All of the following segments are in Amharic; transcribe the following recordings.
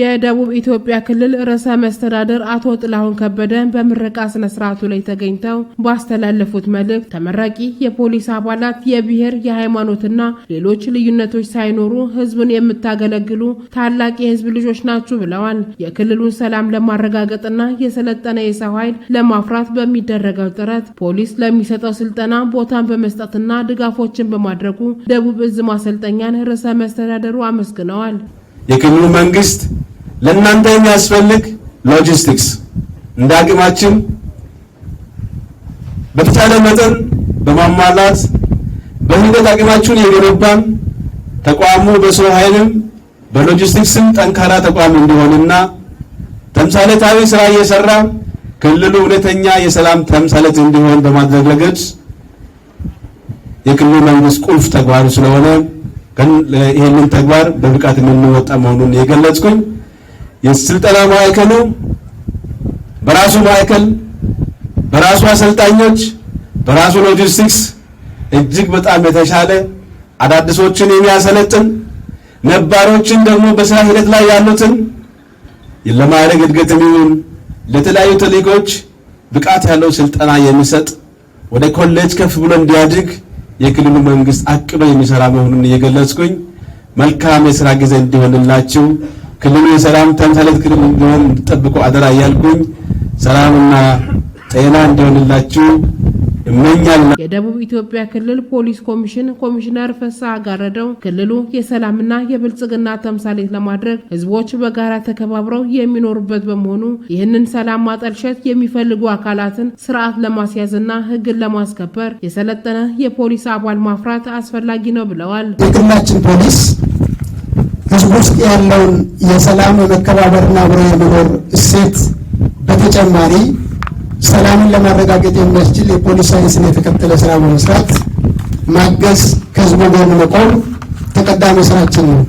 የደቡብ ኢትዮጵያ ክልል ርዕሰ መስተዳደር አቶ ጥላሁን ከበደ በምረቃ ስነ ስርዓቱ ላይ ተገኝተው ባስተላለፉት መልእክት ተመራቂ የፖሊስ አባላት የብሔር የሃይማኖትና ሌሎች ልዩነቶች ሳይኖሩ ህዝብን የምታገለግሉ ታላቅ የህዝብ ልጆች ናችሁ ብለዋል። የክልሉን ሰላም ለማረጋገጥና የሰለጠነ የሰው ኃይል ለማፍራት በሚደረገው ጥረት ፖሊስ ለሚሰጠው ስልጠና ቦታን በመስጠትና ድጋፎችን በማድረጉ ደቡብ እዝ ማሰልጠኛን ርዕሰ መስተዳደሩ አመስግነዋል። የክልሉ መንግስት ለእናንተ የሚያስፈልግ ሎጂስቲክስ እንደ አቅማችን በተቻለ መጠን በማሟላት በሂደት አቅማችሁን የገነባን ተቋሙ በሰው ኃይልም በሎጂስቲክስም ጠንካራ ተቋም እንዲሆንና ተምሳሌታዊ ስራ እየሰራ ክልሉ እውነተኛ የሰላም ተምሳሌት እንዲሆን በማድረግ ረገድ የክልሉ መንግስት ቁልፍ ተግባሩ ስለሆነ ይህንን ተግባር በብቃት የምንወጣ መሆኑን የገለጽኩኝ የስልጠና ማዕከሉ በራሱ ማዕከል በራሱ አሰልጣኞች በራሱ ሎጂስቲክስ እጅግ በጣም የተሻለ አዳዲሶችን የሚያሰለጥን ነባሮችን ደግሞ በስራ ሂደት ላይ ያሉትን ለማዕረግ እድገት የሚሆን ለተለያዩ ተልእኮች ብቃት ያለው ስልጠና የሚሰጥ ወደ ኮሌጅ ከፍ ብሎ እንዲያድግ የክልሉ መንግስት አቅዶ የሚሰራ መሆኑን እየገለጽኩኝ መልካም የስራ ጊዜ እንዲሆንላችሁ ክልሉ የሰላም ተምሳሌት ክልል እንዲሆን ጠብቆ አደራ እያልኩኝ ሰላምና ጤና እንዲሆንላችሁ እመኛለሁ። የደቡብ ኢትዮጵያ ክልል ፖሊስ ኮሚሽን ኮሚሽነር ፍስሐ ጋረደው ክልሉ የሰላምና የብልጽግና ተምሳሌት ለማድረግ ህዝቦች በጋራ ተከባብረው የሚኖሩበት በመሆኑ ይህንን ሰላም ማጠልሸት የሚፈልጉ አካላትን ስርዓት ለማስያዝና ህግን ለማስከበር የሰለጠነ የፖሊስ አባል ማፍራት አስፈላጊ ነው ብለዋል። የክልላችን ፖሊስ ህዝብ ውስጥ ያለውን የሰላም የመከባበርና አብሮ የመኖር እሴት በተጨማሪ ሰላምን ለማረጋገጥ የሚያስችል የፖሊስ ሳይንስን የተከተለ ስራ በመስራት ማገዝ፣ ከህዝቡ ጎን መቆም ተቀዳሚ ስራችን ነው።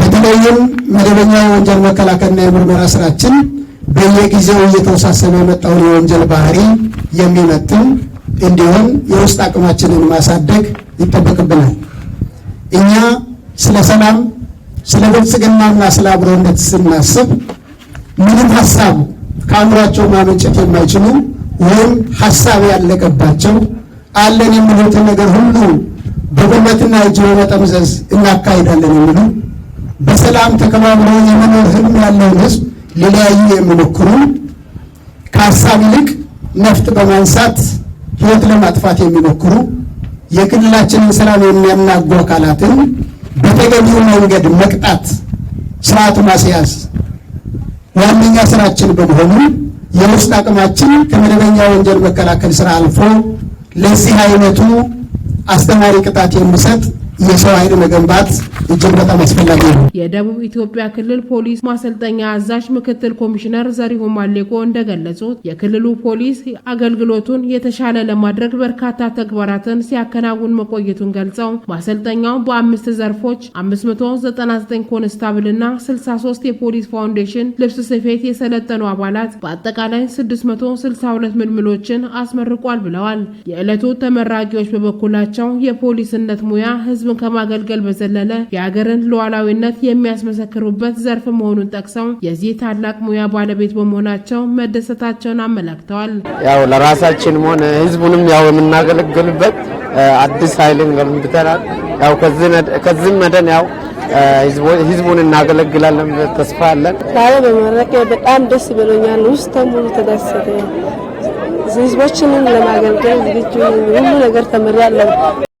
በተለይም መደበኛ የወንጀል መከላከልና የምርመራ ስራችን በየጊዜው እየተወሳሰበ የመጣውን የወንጀል ባህሪ የሚመጥን እንዲሆን የውስጥ አቅማችንን ማሳደግ ይጠበቅብናል። እኛ ስለ ሰላም ስለ ብልጽግናና ስለ አብሮነት ስናስብ ምንም ሀሳብ ከአእምሯቸው ማመንጨት የማይችሉ ወይም ሀሳብ ያለቀባቸው አለን የሚሉትን ነገር ሁሉ በጉልበትና እጅ በመጠምዘዝ እናካሄዳለን የሚሉ በሰላም ተከባብሮ የመኖር ህልም ያለውን ህዝብ ሊለያዩ የሚሞክሩ ከሀሳብ ይልቅ ነፍጥ በማንሳት ህይወት ለማጥፋት የሚሞክሩ የክልላችንን ሰላም የሚያናጉ አካላትን በተገቢው መንገድ መቅጣት፣ ስርዓቱ ማስያዝ ዋነኛ ስራችን በመሆኑ የውስጥ አቅማችን ከመደበኛ ወንጀል መከላከል ስራ አልፎ ለዚህ አይነቱ አስተማሪ ቅጣት የሚሰጥ የሰው ኃይል መገንባት እጅግ በጣም አስፈላጊ ነው። የደቡብ ኢትዮጵያ ክልል ፖሊስ ማሰልጠኛ አዛዥ ምክትል ኮሚሽነር ዘሪሁን ማሌቆ እንደገለጹት የክልሉ ፖሊስ አገልግሎቱን የተሻለ ለማድረግ በርካታ ተግባራትን ሲያከናውን መቆየቱን ገልጸው ማሰልጠኛው በአምስት ዘርፎች 599 ኮንስታብልና 63 የፖሊስ ፋውንዴሽን ልብስ ስፌት የሰለጠኑ አባላት በአጠቃላይ 662 ምልምሎችን አስመርቋል ብለዋል። የዕለቱ ተመራቂዎች በበኩላቸው የፖሊስነት ሙያ ህዝብ ህዝብን ከማገልገል በዘለለ የአገርን ሉዓላዊነት የሚያስመሰክሩበት ዘርፍ መሆኑን ጠቅሰው የዚህ ታላቅ ሙያ ባለቤት በመሆናቸው መደሰታቸውን አመላክተዋል። ያው ለራሳችንም ሆነ ህዝቡንም ያው የምናገለግልበት አዲስ ኃይልን ገንብተናል። ያው ከዚህም መደን ያው ህዝቡን እናገለግላለን ተስፋ አለን። ዛሬ በመረቀ በጣም ደስ ብሎኛል። ውስጥ ተሙሉ ተደሰተ። ህዝቦችንን ለማገልገል ዝግጁ ሁሉ ነገር ተምሬያለሁ።